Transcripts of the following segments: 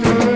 Thank you.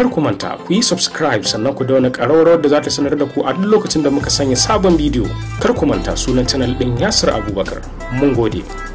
kar ku manta ku yi subscribe sannan ku dauna ƙararrawar da za ta sanar da ku a duk lokacin da muka sanya sabon bidiyo kar ku manta sunan channel ɗin yasir abubakar mun gode